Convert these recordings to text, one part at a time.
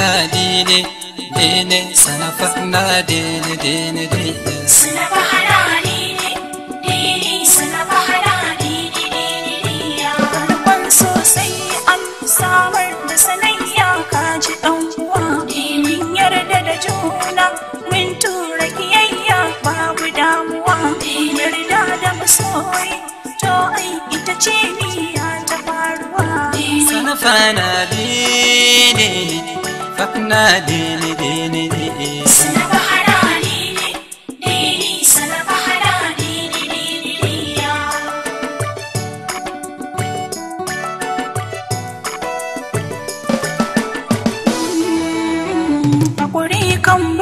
na dine sana fa na dine sana fa na dine sana an samar da sanayya ka dan uwa yarda da juna min tura kiyayya babu damuwa yarda da masoyi to ai ita ce ta faruwa dine na سلفنا دين dini دين سلف kan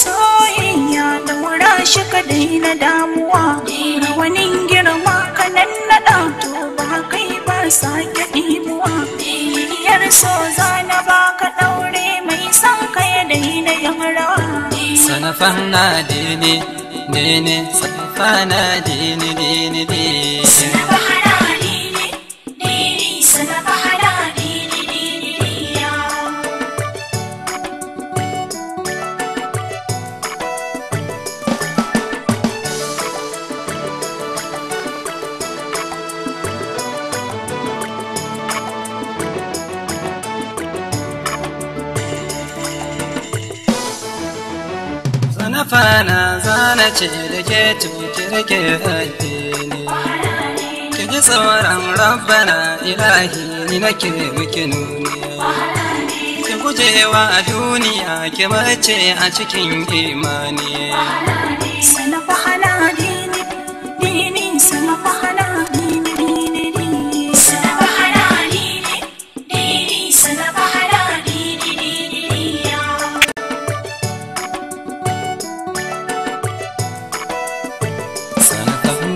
soyayya da daina damuwa rawanin girma kanan na ba kai ba sake ɗimuwa. Yar so zana ba صفهنا ديني ديني صفانا ديني ديني ديني fana zana ce da ke ke addini ki ji sauran rabbana ilahi ni nake muke nuniya ki gujewa a duniya ki bace a cikin imani sana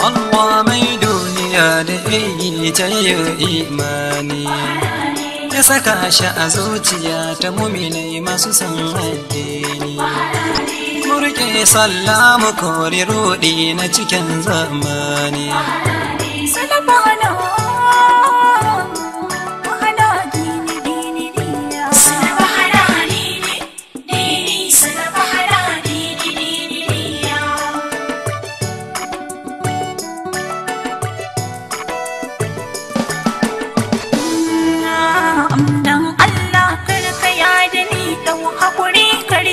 Allah mai duniya da iyi ta yi imani ya saka shi a zuciya ta muminai masu san addini murke sallamu kori rudi na cikin zamani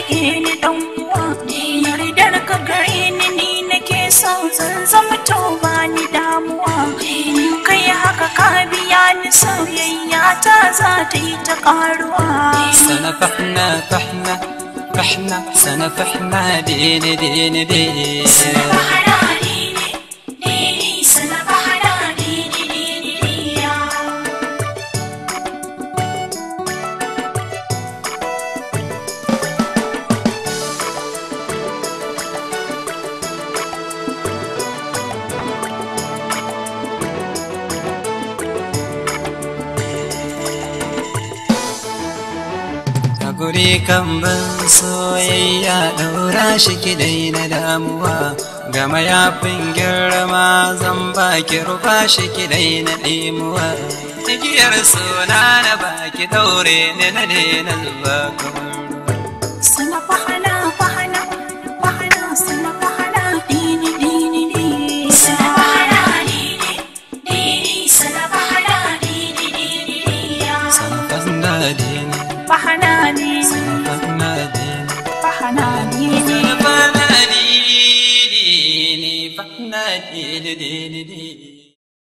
rike ni dan uwa yardar ka gare ni ni nake son zan zama to ba ni damuwa kai haka ka biya ni soyayya ta za ta yi ta karuwa sana fahna fahna sanafahna dini dini dini sanafahna tafi kan ban soyayya daura shi kiɗai na damuwa gama ya mayafin girma zan baki rufa shi kiɗai na ɗimuwa igiyar suna na baki ɗaure ne na ne na kuma فحناني فحناني فحناني